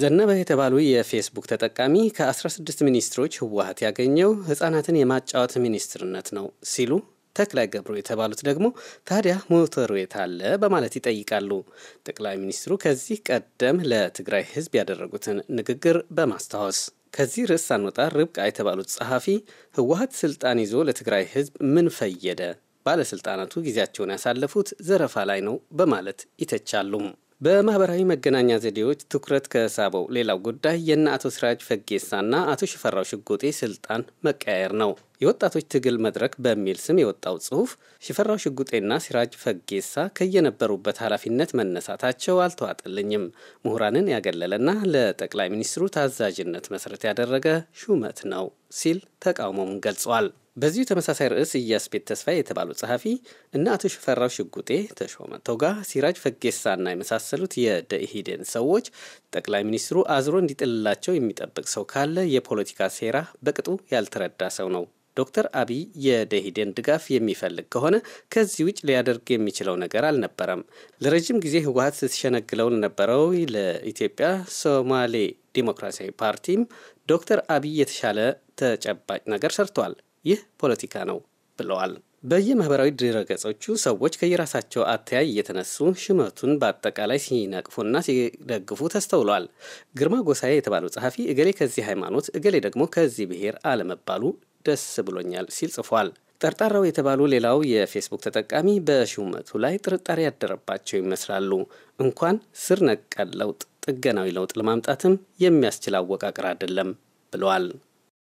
ዘነበ የተባሉ የፌስቡክ ተጠቃሚ ከ16 ሚኒስትሮች ህወሀት ያገኘው ህጻናትን የማጫወት ሚኒስትርነት ነው ሲሉ ተክላይ ገብሩ የተባሉት ደግሞ ታዲያ ሞተሩ የታለ በማለት ይጠይቃሉ። ጠቅላይ ሚኒስትሩ ከዚህ ቀደም ለትግራይ ህዝብ ያደረጉትን ንግግር በማስታወስ ከዚህ ርዕስ አንወጣ ርብቃ የተባሉት ጸሐፊ ህወሀት ስልጣን ይዞ ለትግራይ ህዝብ ምን ፈየደ? ባለስልጣናቱ ጊዜያቸውን ያሳለፉት ዘረፋ ላይ ነው በማለት ይተቻሉም። በማህበራዊ መገናኛ ዘዴዎች ትኩረት ከሳበው ሌላው ጉዳይ የነ አቶ ሲራጅ ፈጌሳና አቶ ሽፈራው ሽጉጤ ስልጣን መቀያየር ነው። የወጣቶች ትግል መድረክ በሚል ስም የወጣው ጽሁፍ ሽፈራው ሽጉጤና ሲራጅ ፈጌሳ ከየነበሩበት ኃላፊነት መነሳታቸው አልተዋጠልኝም፣ ምሁራንን ያገለለና ለጠቅላይ ሚኒስትሩ ታዛዥነት መሰረት ያደረገ ሹመት ነው ሲል ተቃውሞም ገልጿል። በዚሁ ተመሳሳይ ርዕስ ኢያስቤት ተስፋ የተባሉ ጸሐፊ እነ አቶ ሽፈራው ሽጉጤ፣ ተሾመ ቶጋ፣ ሲራጅ ፈጌሳና የመሳሰሉት የደኢህዴን ሰዎች ጠቅላይ ሚኒስትሩ አዝሮ እንዲጥልላቸው የሚጠብቅ ሰው ካለ የፖለቲካ ሴራ በቅጡ ያልተረዳ ሰው ነው። ዶክተር አብይ የደሂደን ድጋፍ የሚፈልግ ከሆነ ከዚህ ውጭ ሊያደርግ የሚችለው ነገር አልነበረም። ለረጅም ጊዜ ህወሀት ስትሸነግለው ነበረው። ለኢትዮጵያ ሶማሌ ዲሞክራሲያዊ ፓርቲም ዶክተር አብይ የተሻለ ተጨባጭ ነገር ሰርቷል። ይህ ፖለቲካ ነው ብለዋል። በየማህበራዊ ድረገጾቹ ሰዎች ከየራሳቸው አተያይ እየተነሱ ሽመቱን በአጠቃላይ ሲነቅፉና ሲደግፉ ተስተውሏል። ግርማ ጎሳዬ የተባለው ጸሐፊ እገሌ ከዚህ ሃይማኖት፣ እገሌ ደግሞ ከዚህ ብሔር አለመባሉ ደስ ብሎኛል ሲል ጽፏል። ጠርጣራው የተባሉ ሌላው የፌስቡክ ተጠቃሚ በሹመቱ ላይ ጥርጣሬ ያደረባቸው ይመስላሉ። እንኳን ስር ነቀል ለውጥ ጥገናዊ ለውጥ ለማምጣትም የሚያስችል አወቃቀር አይደለም ብለዋል።